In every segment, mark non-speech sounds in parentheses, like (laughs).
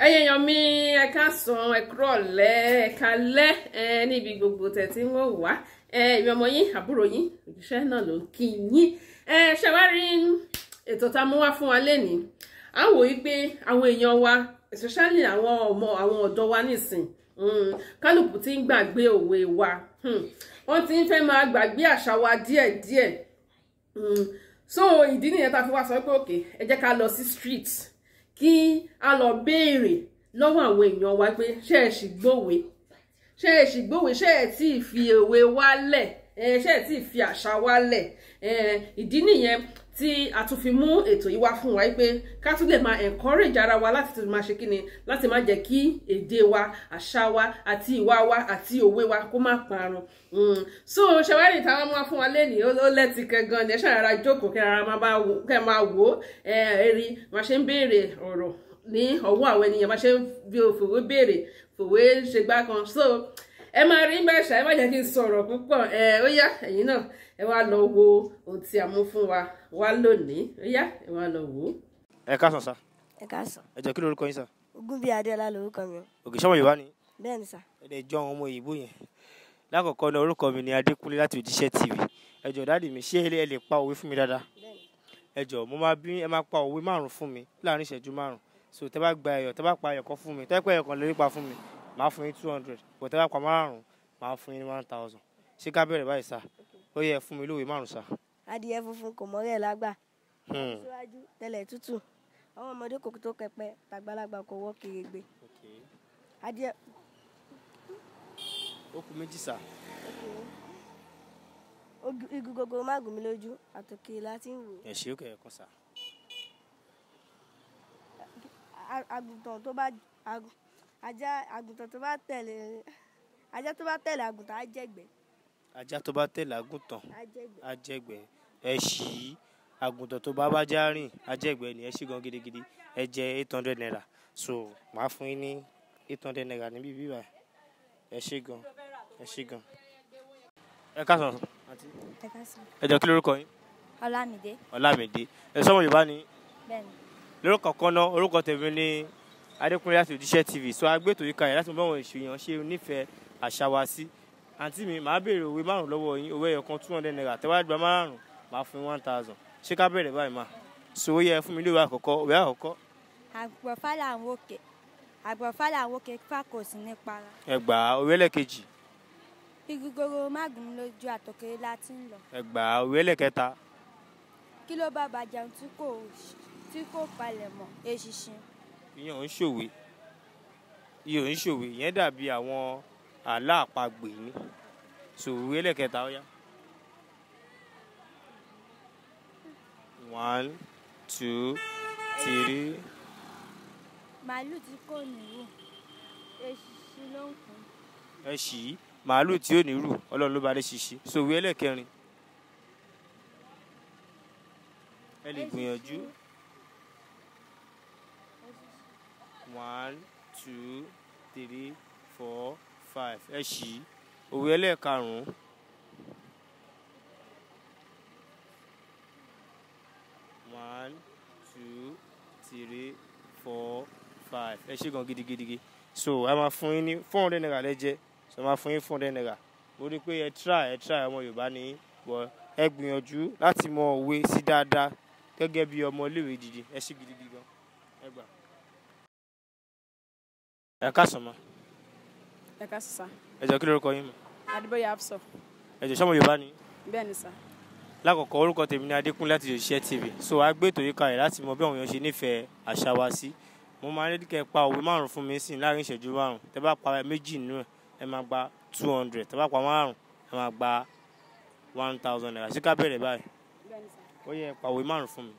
ẹyẹ yan mi ẹ káàsán ẹ kúrọ̀lẹ́ ẹ kálẹ́ ẹ níbi gbogbo tẹ̀tí ń wò wá ẹ ìwé ọmọ yín àbúrò yín òjíṣẹ́ náà ló kí yín ẹ ṣàwárí ètò tá a mú wá fún wa lénìí à ń wò yí pé àwọn èèyàn wa especially àwọn ọmọ àwọn ọ̀dọ́ wa nísìn hmm, kálukú ti ń gbàgbé òwe wa hmm. wọ́n ti ń fẹ́ máa gbàgbé àṣà wa díẹ̀díẹ̀ hmm. so ìdí nìyẹn tá a fi wá sọ pé òkè ẹ jẹ́ ká lọ sí street kí a lọ béèrè lọ́wọ́ àwọn èèyàn wa pé ṣé ẹ sì gbòwe ṣé ẹ sì gbòwe ṣé ẹ tí ì fi òwe wálẹ̀ ṣé ẹ tí ì fi àṣà wálẹ̀ ìdí nìyẹn tí a tún fi mú ètò yìí wá fún wa pé ká tún lè máa encourage ara wa láti tún máa ṣe kí ni láti máa jẹ́ kí èdè wa àṣà wa àti ìwà wa àti òwe wa kó má parun hmm. so ṣẹwárì táwọn máa fún wa lẹ́nìí ó lẹ́tì kẹ́gan ni ẹ ṣàrara jókòó kẹ́ máa wò ó ẹ̀rí máa ṣe ń béèrè ọ̀rọ̀ ní ọwọ́ àwọn ènìyàn máa ṣe ń fòwé béèrè fòwé ṣe gbá kan so ẹ máa rí bá ṣá ẹ má jẹ́ kí n sọ̀rọ̀ púpọ̀ ẹ ó yá ẹ̀yin náà ẹ wá lọ wo ohun tí a mú fún wa wá lónìí ó yá ẹ wá lọ wò ó. ẹ káàsán sá. ẹ káàsán. ẹ jọ kí lorúkọ yín sá. Ògúnbíyí Adéọlá lorúkọ mi o. òkè sọmọ Yorùbá ni. bẹ́ẹ̀ni sá. ẹ dẹ jọ àwọn ọmọ òyìnbó yẹn lákọ̀ọ́kọ́ náà orúkọ mi ni Adékúnlé láti Òjíṣẹ́ TV ẹ jọ dáàdì mi ṣé ẹ lè pa òwe fún mi dáadáa ẹ jọ mo máa bí ẹ máa pa òwe márùn fún mi láàrin ìṣẹ́jú márùn so tẹ bá gba ẹyọ tẹ bá pa ẹyọ kan fún mi tẹ pẹ ẹyọ kan lórí pa fún mi máa fún yín two hundred bọ̀tẹ́ bá pa márùn-ún máa fún yín one thousand ṣé ká bẹ̀rẹ̀ báyìí sá ó yẹ fún mi lóòwe márùn-ún sá. adìyẹ funfun kò mọ́rẹ̀ lágbà hmm. síwájú tẹlẹ̀ tútù àwọn ọmọdé kò tó kẹpẹ tàgbàlagbà kò wọ́ kiri gbé adìyẹ. ó kù méjì sá igun gogoro má gùn mí lójú àtòkè láti ń wò. ẹ ṣe ó kẹyọ kan sá. àgùntàn tó bá ajá àgùntàn tó bá tẹ̀lé ajá tó bá tẹ̀lé àgùntàn á jẹ̀gbẹ́. ajá tó bá tẹ̀lé àgùntàn á jẹ̀gbẹ́ ẹ ṣì àgùntàn tó bá bá já rìn á jẹ̀gbẹ́ ni ẹ ṣì gan gidigidi ẹ jẹ eight hundred naira so màá fún yín ní eight hundred naira níbí bíbá ẹ ṣé gan ẹ ṣé gan. ẹ káàsán àti ẹ jọ kí lórúkọ yín. ọlámídé. ọlámídé ẹ sọmọ yorùbá ni. bẹ́ẹ̀ni. lórúkọ kan náà orúkọ tèmi ni Adékúnlé láti Òjíṣẹ́ TV sọ agbẹ́tò yìí kalẹ̀ láti mọ báwọn èèyàn ṣe nífẹ̀ẹ́ àṣà wa sí àǹtí mi màá béèrè òwe márùn lọ́wọ́ yín owó ẹ̀yọ̀ kan two hundred naira tẹ́wá gba márùn màá fún one thousand ṣé ká bẹ̀rẹ̀ báyìí so sọ yẹ fún mi lórí àkọ́kọ́ òwe àkọ́kọ́. àgbọ̀fálà ń wòkè àgbọ̀fálà ń wòkè fàkósì nípa ra. ẹgbà òwe ẹlẹ́kejì. igigoro mágùn lójú àtòkèrè láti ń lọ. ẹgbà òwe ẹlẹ́kẹta. kí ló bá bàjẹ́ tí kò palẹ̀ mọ́ èṣìṣin ìyẹn ò ń ṣòwe ìyẹn ò ń ṣòwe ìyẹn dàbí àwọn àlá ni sòwúrú ẹlẹ́kẹta ọ̀yá. one two three. màálù tí kò nírù èṣìṣì ló ń kún. ẹṣì màálù tí ò nírù ọlọ́run ló bá dé ṣíṣí sòwúrú ẹlẹ́kẹrin. ẹ lè gbìyànjú. one two three four five ẹ ṣí òwe ẹlẹ́ẹ̀karùn-ún. one two three four five ẹ ṣe gan gidigidi so a máa fún yín ní four hundred naira lẹ́jẹ́ so a máa fún yín four hundred naira mo rí i pé ẹ try ẹ try ọmọ Yorùbá ní wọ ẹ gbìyànjú láti mọ òwe sí dáadáa gẹ́gẹ́ bí ọmọ iléèwé gidi ẹ ṣe gidigidi gan ẹ gbà ẹ ká sọmọ. ẹ ká sọ sá. ẹ jọ kí lórúkọ yín mọ. adébóyè afsọ. ẹ jọ sọmọ yorùbá ni. bẹ́ẹ̀ ni sá. lákọ̀ọ́kọ́ orúkọ tèmi ni adékúnlé láti òṣìṣẹ́ tv so a gbé ètò yìí kalẹ̀ láti mọ bí àwọn èèyàn ṣe nífẹ̀ẹ́ àṣà wa sí mo máa ń rédíkẹ́ pa òwe márùn-ún fún mi sí láàrin ìṣẹ́jú márùn-ún tẹ́ bá pa méjì nínú ẹ̀ ẹ máa gba two hundred tẹ́ bá pa márùn-ún ẹ máa gba one thousand naira sí ká bẹ̀rẹ̀ báyìí ó yẹ pa òwe márùn-ún fún mi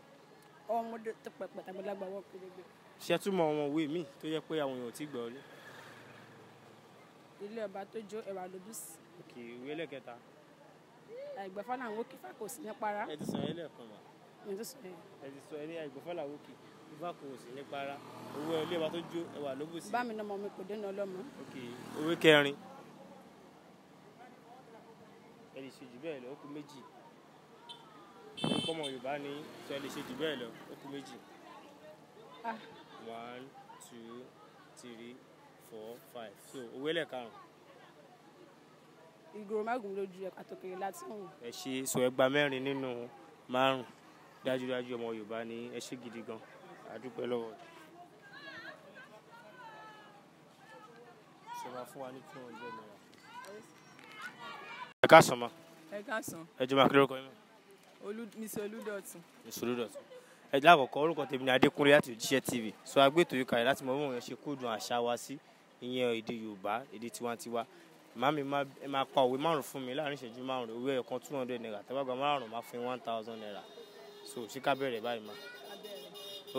ọmọdé tó pẹ̀pẹ̀ tàgbàlagbà wọ́n pèrègbè. ṣé túmọ̀ àwọn òwe mi tó yẹ pé àwọn èèyàn ò tí gbọ́ lé. ilé ọba tó jó ẹwà lójú sí. òkè ìwé ẹlẹ́kẹta. àìgbọ̀fọ́ làwọn òkè fàkó sí ní para. ẹ ti sọ ẹ lẹ́ẹ̀kan mà. ẹ ti sọ ẹ. ẹ ti sọ ẹ ní àìgbọ̀fọ́ làwọn òkè fàkó sí ní para owó ilé ọba tó jó ẹwà lójú sí. bá mi nà ọmọ mi kò dénà ọlọ́mọ. òkè òwe kẹrin. ẹ ọmọ Yorùbá ni sọ lè ṣe jù bẹ́ẹ̀ lọ ó kú méjì. Ah. one two three four five so owó ẹlẹ́ karùn-ún. ìgòrò mágùn lójú àtòkèrè láti hàn. ẹ ṣe sọ ẹgbàá mẹ́rin nínú márùn-ún dájúdájú ọmọ Yorùbá ni ẹ ṣe gidi gan a dúpẹ́ lọ́wọ́. ìṣèwà fún wa ní two hundred naira. ẹ ká sàn mọ́. ẹ ká sàn. ẹ jẹ́ máa kí lórúkọ yín mọ́. Miss Olúdọ̀tun. Miss Olúdọ̀tun ẹ jẹ́ àkọ́kọ́ orúkọ tèmi ní Adékúnlé láti Òjíṣẹ́ TV sọ agbẹ́tò yìí kalẹ̀ láti mọ bí wọ́n ṣe kóòdù àṣà wa sí ìyẹn èdè Yorùbá èdè tiwantiwa màmí ẹ máa pa òwe márùn fún mi láàrin ìṣẹ́jú márùn òwe ẹ̀yọ̀ kan two hundred naira tábàgbà márùn máa fún one thousand naira so ṣé ká bẹ̀rẹ̀ báyìí ma.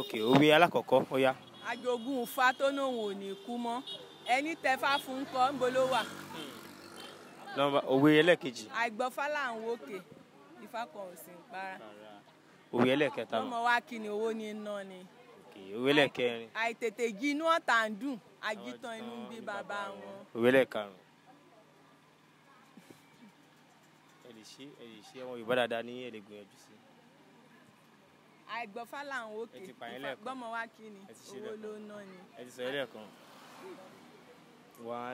ok òwe alákọ̀ọ́kọ́ ó yá. àjogún ifá tó lóun ò ní kú mọ́ ẹni tẹfá fún kọ́ ń bolówà. Hmm. òwe ẹlẹ́ẹ̀kejì. àìgbọ́fá ń wókè ifá para. òwe ẹlẹ́kẹta wọn. ọmọ wa kí ni owó ní iná ni. òwe ẹlẹ́kẹrin. àìtètè jí inú ọ̀tá ń dùn agitan inú ń bí bàbá wọn. òwe ẹlẹ́karùn. ẹ lè ṣe ẹ lè ṣe ẹwọn yorùbá dáadáa ní èdè gbìyànjú sí. àìgbọ́fà làwọn òkè ìfàgbọ́mọ wa kí ni owó ló ná ni. ẹ ti sọ ẹlẹ́kan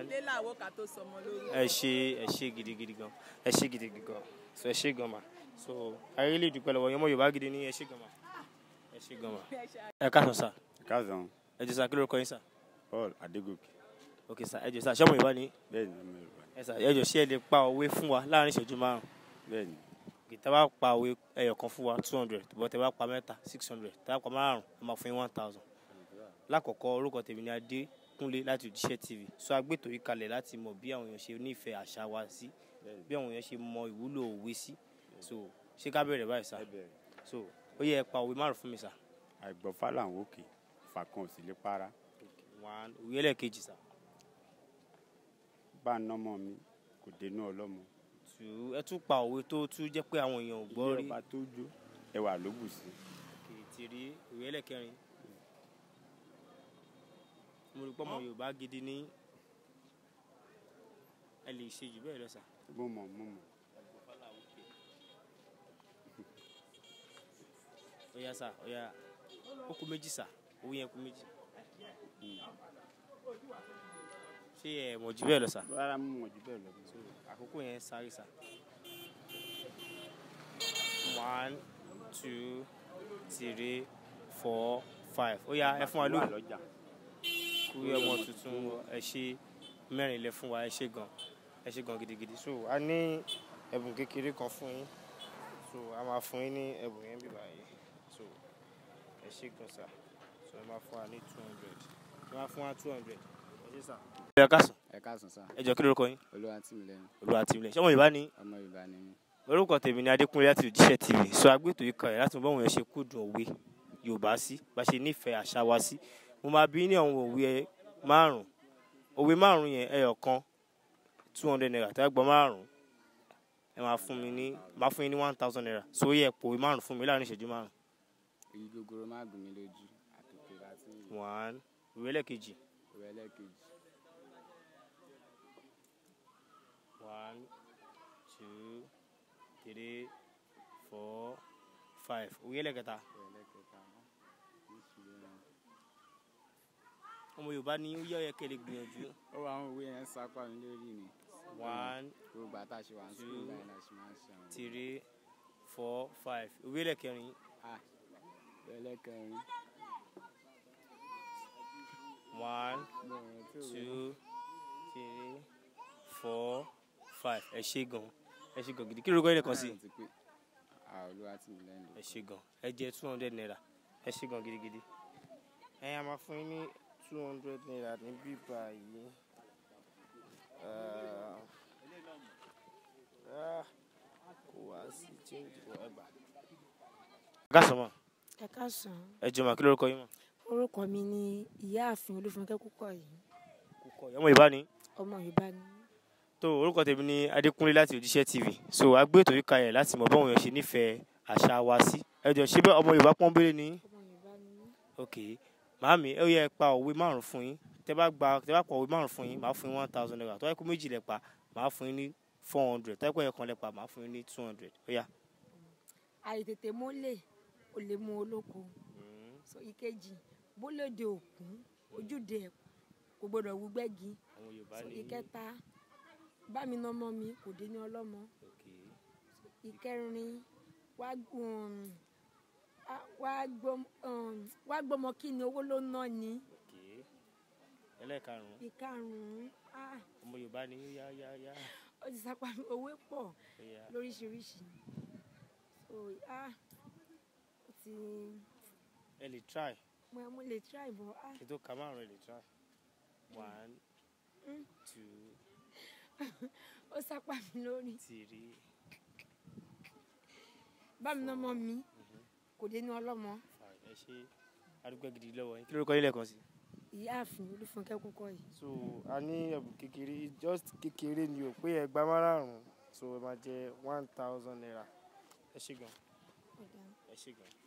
ilé làwọn kà tó sọmọ lórúkọ. ẹ ṣe ẹ ṣe gidigidi gan ẹ ṣe gidigidi gan so ẹ ṣé so ayélujára ìdúpẹ́ lọ́wọ́ yọmọ yorùbá gidi ní ẹ ṣé gan ma ẹ ṣé gan ma. ẹ káàsán sá. ẹ káàsán. ẹ jẹ́ sá kí lórúkọ yín sá. Paul Adégòkè. ok sá ẹ jẹ́ sá ṣọ́mù yorùbá ni. bẹ́ẹ̀ni ọmọ yorùbá. ẹ sá ẹ jọ ṣé ẹ lè pa òwe fún wa láàrin ìṣẹ́jú márùn. bẹ́ẹ̀ni. tẹ bá pa òwe ẹyọ kan fún wa two hundred bọ́ tẹ bá pa mẹ́ta six hundred tẹ bá pa márùn ẹ máa fún yín one thousand. lákọ̀ọ́kọ́ orúkọ tèmi ni Adékúnlé láti Òjíṣẹ́ TV so agbẹ́tò yìí kalẹ̀ láti mọ̀ bí àwọn èèyàn ṣe nífẹ̀ẹ́ àṣà wa sí bí àwọn èèyàn ṣe mọ ìwúlò òwe sí so ṣé ká bẹ̀rẹ̀ báyìí sá so ó yẹ ẹ pa òwe márùn fún mi sá. àìgbọ́fà làwọn òkè fàkan ò sì lè para. one òwe ẹlẹ́ẹ̀kejì sá. bá a ná ọmọ mi kò dénú ọlọ́mọ. ẹ tún pa òwe tó tún jẹ́ pé àwọn èèyàn ò gbọ́ rí. ìyá ọba tó jó ẹwà ló bù sí. kì rí òwe ẹlẹ́ẹ̀kẹrin mo rí pọ́ ọmọ Yorùbá gidi ní ẹ lè ṣe jù bẹ́ẹ̀ lọ sà. mo mọ̀ mo mọ̀. ọ̀yà sà ọ̀yà ó kù méjì sà owó yẹn kù méjì. ṣé ẹ mọ̀ jù bẹ́ẹ̀ lọ sà. rárá mo mọ̀ jù bẹ́ẹ̀ lọ. àkókò yẹn sáré sà. one two three four five ó yá ẹ fún wa lóhùn kúrú ọmọ tuntun ẹ ṣe mẹ́rin lẹ fún wa ẹ ṣe gan-an ẹ ṣe gan gidigidi so a ní ẹ̀bùn kékeré kan fún yín so a máa fún yín ní ẹ̀bùn yẹn bí báyìí so ẹ ṣe gan sà so ẹ máa fún wa ní two hundred ẹ máa fún wa two hundred ẹ ṣe sà. ẹ káàsán ẹ káàsán sà. ẹ jọ kí lórúkọ yín. Olúwatímilẹ́yìn. Olúwatímilẹ́yìn ṣé ọmọ Yorùbá ni. ọmọ Yorùbá ni mí. orúkọ tèmi ni Adékúnlé láti Òjíṣẹ́ TV so agbẹ́tò yìí kan yẹn láti mọ báwọn yẹn ṣe kúndùn òwe Yorùbá sí bá ṣe nífẹ̀ẹ́ àṣà wa sí mo máa bí ní àwọn òwe márùn-ún òwe márùn-ún yẹn ẹyọ kan two hundred naira tẹ́ gbọ́ márùn-ún ẹ máa fún mi ní máa fún yín ní one thousand naira sórí ẹ̀ pòwe márùn-ún fún mi láàrin ìṣẹ́jú márùn-ún. èyí gogoro má gùn mí lójú àtòkè láti. one ìwé ẹlẹ́kejì. ìwé ẹlẹ́kejì. one two three four five ìwé ẹlẹ́kẹta. ìwé ẹlẹ́kẹta. ọmọ Yorùbá ni ó yẹ ọyẹ kẹlẹ gbìyànjú. ó wà àwọn òwe yẹn sápá mi lórí mi one two three four five Wele Ah. Wele ẹlẹ́kẹrin. one two three four five ẹ ṣé gan ẹ ṣé gan gidi kí lorúkọ yìí lẹ́ẹ̀kan sí. Ah, ẹ ṣé gan ẹ jẹ two hundred naira ẹ ṣé gan gidigidi. ẹ yà máa fún yín ní two hundred naira níbí báyìí kò wá sí change kò ẹgbà. ẹ ká sọ mọ. ẹ ká sọ. ẹ jọmọ kí lórúkọ yín mọ. orúkọ mi ni ìyáàfin olúfúnkẹ́ Kúkọ̀yí. Kúkọ̀yí ọmọ Yorùbá ni. ọmọ Yorùbá ni. tó orúkọ tèmi ni Adékúnlé láti Òjíṣẹ́ TV so a gbé ètò yìí kalẹ̀ láti mọ báwọn èèyàn ṣe nífẹ̀ẹ́ àṣà wa sí ẹ jọ ṣé bẹ́ẹ̀ ọmọ Yorùbá pọ́nbélé ni. ọmọ Yorùbá ni. okay màámi ó yẹ pa òwe márùn fún yín tẹ bá gba tẹ bá pa òwe márùn fún yín màá fún yín one thousand naira tó yẹ kó méjì lẹ pa màá fún yín ní four hundred tó yẹ kó yẹ kan lẹ pa màá fún yín ní two hundred ó yá. àìtètè mólè ò lè mú olóko hmm. so ìkejì bólóde òkun ojúde ẹ̀kọ́ kò gbọdọ̀ wúgbẹ́gi so ìkẹta bámi nọmọ mi kò dé ní ọlọ́mọ ìkẹrin wá gùn um, ọrùn wàá um, gbọ́mọ kí ni owó ló ná ni. ẹlẹ́ẹ̀karùn-ún. ìkarùn-ún. ọmọ yorùbá ni yá yá yá. ó ti sapá owó pọ̀ lóríṣiríṣi. ó ti. ẹ lè try. mo mo lè try bọ̀. ètò kà márùn-ún ẹ lè try. one mm. two. (laughs) ó sapá mi lórí. three. bá mi ná mọ́ mi kò dénú ọlọ́mọ. ẹ ṣe arúgbó gidi lọ́wọ́ yín kí lórúkọ yín lẹ́ẹ̀kan sí. ìyáàfin olúfúnkẹ́ kúkọ yìí. so a ní ẹ̀bùn kékeré just kékeré ni o pé ẹgbàá márùn so ẹ máa jẹ one thousand naira ẹ ṣe gan ẹ ṣe gan.